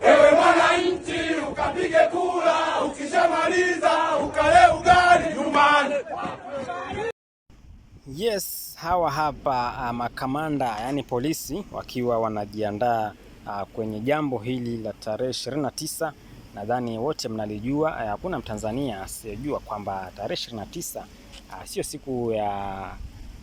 Ewe mwananchi, ukapige kura, ukishamaliza ukale ugali nyumbani. Yes, hawa hapa ah, makamanda yani polisi wakiwa wanajiandaa uh, kwenye jambo hili la tarehe 29. Nadhani wote mnalijua, eh, hakuna uh, Mtanzania asiyejua kwamba tarehe 29 uh, ah, sio siku ya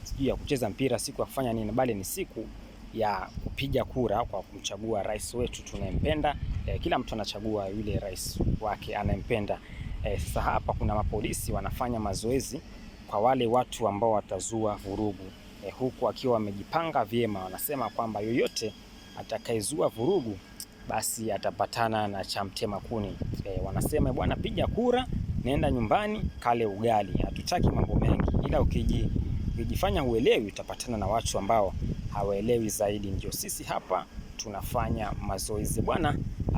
sijui ya kucheza mpira, siku ya kufanya nini, bali ni siku ya kupiga kura kwa kumchagua rais wetu tunayempenda. E, kila mtu anachagua yule rais wake anayempenda. E, sasa hapa kuna mapolisi wanafanya mazoezi kwa wale watu ambao watazua vurugu e, huku akiwa wamejipanga vyema. Wanasema kwamba yoyote atakayezua vurugu basi atapatana na cha kuni. E, wanasema bwana, piga kura, nenda nyumbani, kale ugali, hatutaki mambo mengi, ila ukiji ukijifanya uelewi utapatana na watu ambao hawaelewi zaidi. Ndio sisi hapa tunafanya mazoezi bwana.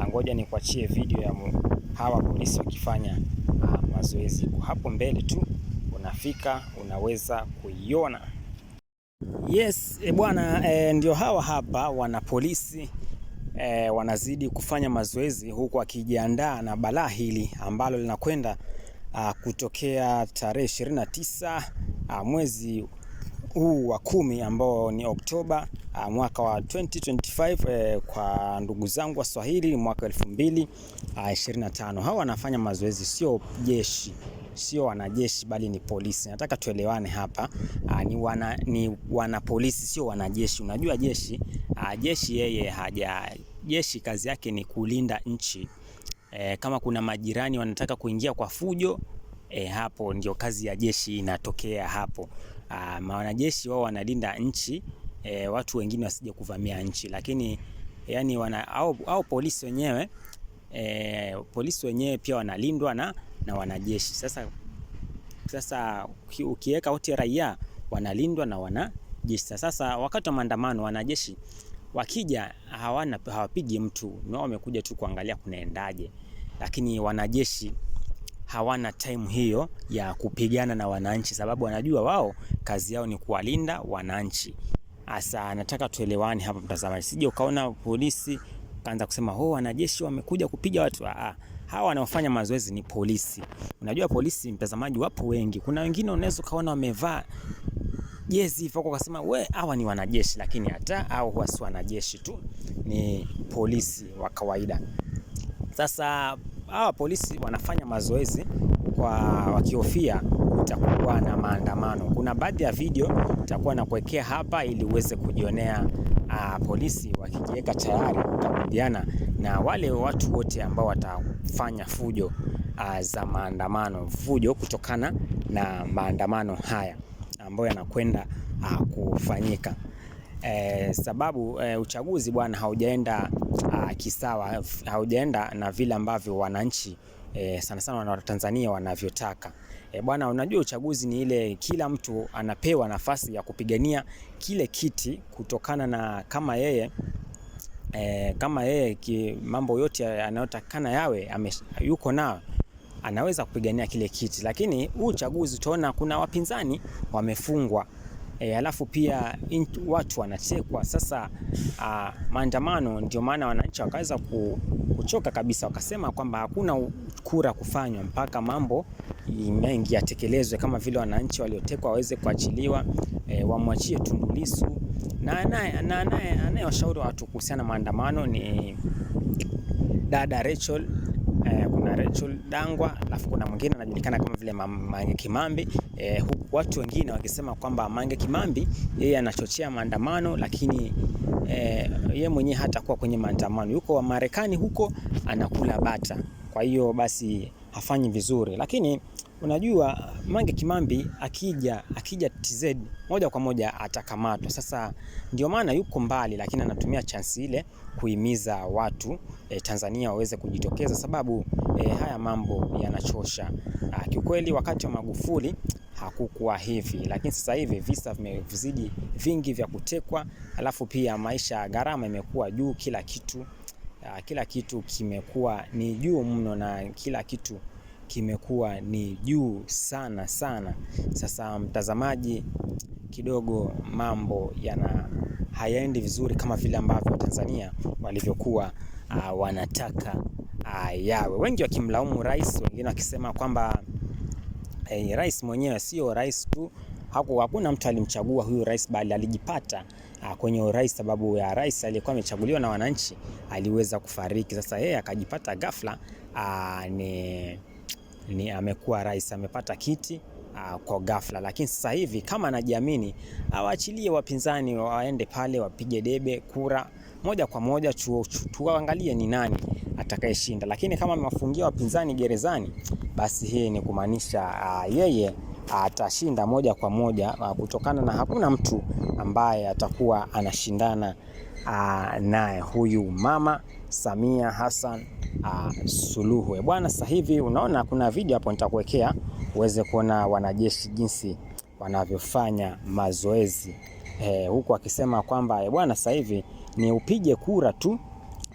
Ngoja nikuachie video ya mu, hawa polisi wakifanya uh, mazoezi. Hapo mbele tu unafika unaweza kuiona. Yes eh, bwana e, ndio hawa hapa wana polisi e, wanazidi kufanya mazoezi huku akijiandaa na balaa hili ambalo linakwenda ah, kutokea tarehe 29 Ah, mwezi huu wa kumi ambao ni Oktoba ah, mwaka wa 2025 eh, kwa ndugu zangu wa Swahili mwaka 2025. Hawa wanafanya mazoezi, sio jeshi, sio wanajeshi, bali ni polisi. Nataka tuelewane hapa. Aa, ah, ni wana ni wana polisi, sio wanajeshi. Unajua jeshi aa, jeshi yeye haja jeshi kazi yake ni kulinda nchi. E, kama kuna majirani wanataka kuingia kwa fujo e, hapo ndio kazi ya jeshi inatokea hapo. Wanajeshi wao wanalinda nchi e, watu wengine wasije kuvamia nchi, lakini yani wana, au, au polisi wenyewe e, polisi wenyewe pia wanalindwa na, na wanajeshi. Sasa, sasa ukiweka wote raia wanalindwa na wanajeshi. Sasa wakati wa maandamano wanajeshi wakija hawana hawapigi mtu, wamekuja tu kuangalia kunaendaje, lakini wanajeshi hawana time hiyo ya kupigana na wananchi, sababu wanajua wao kazi yao ni kuwalinda wananchi. Asa nataka tuelewane hapa, mtazamaji, sije ukaona polisi kaanza kusema oh, wanajeshi wamekuja kupiga watu. Aa, ah, ah. hawa wanaofanya mazoezi ni polisi. Unajua polisi, mtazamaji, wapo wengi. Kuna wengine unaweza ukaona wamevaa jezi hivyo ukasema we, hawa ni wanajeshi, lakini hata au huwa si wanajeshi tu, ni polisi wa kawaida. Sasa hawa polisi wanafanya mazoezi kwa wakihofia utakuwa na maandamano. Kuna baadhi ya video nitakuwa na hapa ili uweze kujionea a, ah, polisi wakijiweka tayari kukabiliana na wale watu wote ambao watafanya fujo a, ah, za maandamano, fujo kutokana na maandamano haya ambayo yanakwenda ah, kufanyika. E, sababu e, uchaguzi bwana haujaenda a, ah, kisawa, haujaenda na vile ambavyo wananchi e, sana sana wana Tanzania wanavyotaka. E, bwana, unajua uchaguzi ni ile kila mtu anapewa nafasi ya kupigania kile kiti kutokana na kama yeye e, kama yeye mambo yote anayotakana yawe ame, yuko na anaweza kupigania kile kiti, lakini huu uchaguzi utaona kuna wapinzani wamefungwa e, alafu pia intu, watu wanatekwa. Sasa uh, maandamano ndio maana wananchi wakaweza kuchoka kabisa, wakasema kwamba hakuna kura kufanywa mpaka mambo mengi yatekelezwe, kama vile wananchi waliotekwa waweze kuachiliwa, e, wamwachie Tundu Lissu na anayewashauri watu kuhusiana na maandamano ni dada Rachel Rachel Dangwa, alafu kuna mwingine anajulikana kama vile Mange Kimambi e, eh, huku watu wengine wakisema kwamba Mange Kimambi yeye anachochea maandamano lakini e, eh, ye mwenyewe hatakuwa kwenye maandamano, yuko wa Marekani huko anakula bata, kwa hiyo basi hafanyi vizuri lakini Unajua Mange Kimambi akija akija TZ moja kwa moja atakamatwa. Sasa ndio maana yuko mbali, lakini anatumia chansi ile kuhimiza watu e, Tanzania waweze kujitokeza, sababu e, haya mambo yanachosha ah, kiukweli. Wakati wa Magufuli hakukuwa hivi, lakini sasa hivi visa vimezidi vingi vya kutekwa, alafu pia maisha ya gharama imekuwa juu, kila kitu ah, kila kitu kimekuwa ni juu mno na kila kitu kimekuwa ni juu sana sana. Sasa mtazamaji, kidogo mambo yana hayaendi vizuri kama vile ambavyo Tanzania walivyokuwa uh, wanataka uh, yawe, wengi wakimlaumu rais, wengine wakisema kwamba eh, rais mwenyewe sio rais tu haku, hakuna mtu alimchagua huyu rais bali alijipata uh, kwenye urais, sababu ya rais aliyekuwa amechaguliwa na wananchi aliweza kufariki. Sasa yeye akajipata ghafla uh, ni ni amekuwa rais, amepata kiti uh, kwa ghafla. Lakini sasa hivi kama anajiamini awaachilie wapinzani waende pale wapige debe kura moja kwa moja, tuangalie ni nani atakayeshinda. Lakini kama amewafungia wapinzani gerezani, basi hii ni kumaanisha uh, yeye atashinda moja kwa moja, uh, kutokana na hakuna mtu ambaye atakuwa anashindana uh, naye huyu mama Samia Hassan uh, Suluhu. Eh, bwana, sasa hivi unaona kuna video hapo nitakuwekea uweze kuona wanajeshi jinsi wanavyofanya mazoezi e, huku akisema kwamba eh, bwana, sasa hivi ni upige kura tu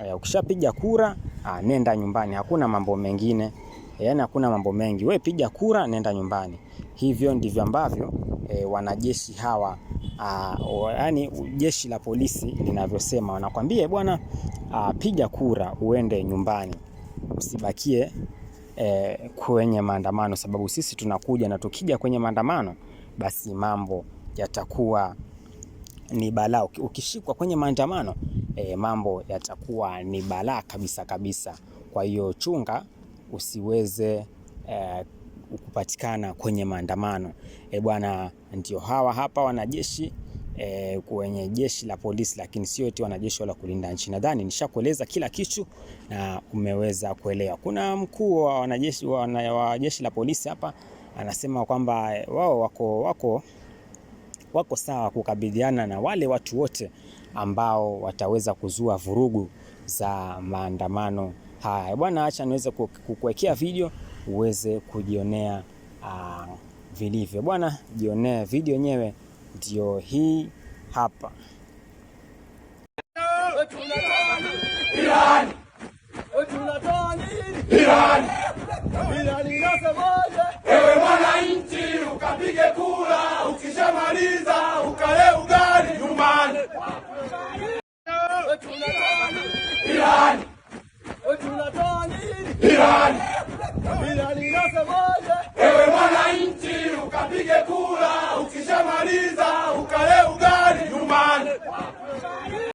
e, ukishapiga kura a, nenda nyumbani, hakuna mambo mengine yaani hakuna mambo mengi, we piga kura, nenda nyumbani. Hivyo ndivyo ambavyo e, wanajeshi hawa ah, yaani jeshi la polisi linavyosema, wanakwambia bwana, ah, piga kura uende nyumbani, usibakie e, kwenye maandamano, sababu sisi tunakuja na tukija kwenye maandamano basi mambo yatakuwa ni balaa. Ukishikwa kwenye maandamano e, mambo yatakuwa ni balaa kabisa kabisa. Kwa hiyo chunga usiweze eh, kupatikana kwenye maandamano. E bwana, ndio hawa hapa wanajeshi E, kwenye jeshi la polisi, lakini sio eti wanajeshi wala kulinda nchi. Nadhani nishakueleza kila kitu na umeweza kuelewa. Kuna mkuu wa wanajeshi wa jeshi la polisi hapa anasema kwamba eh, wao wako, wako, wako sawa kukabidhiana na wale watu wote ambao wataweza kuzua vurugu za maandamano haya. Bwana, acha niweze kukuwekea video uweze kujionea uh, vilivyo bwana, jionea video yenyewe ndio hii hapa. ewe mwananchi, ukapige kura, ukishamaliza ukale ugali nyumbani. Ewe mwananchi ukapige kura, ukishamaliza ukale ugali nyumbani.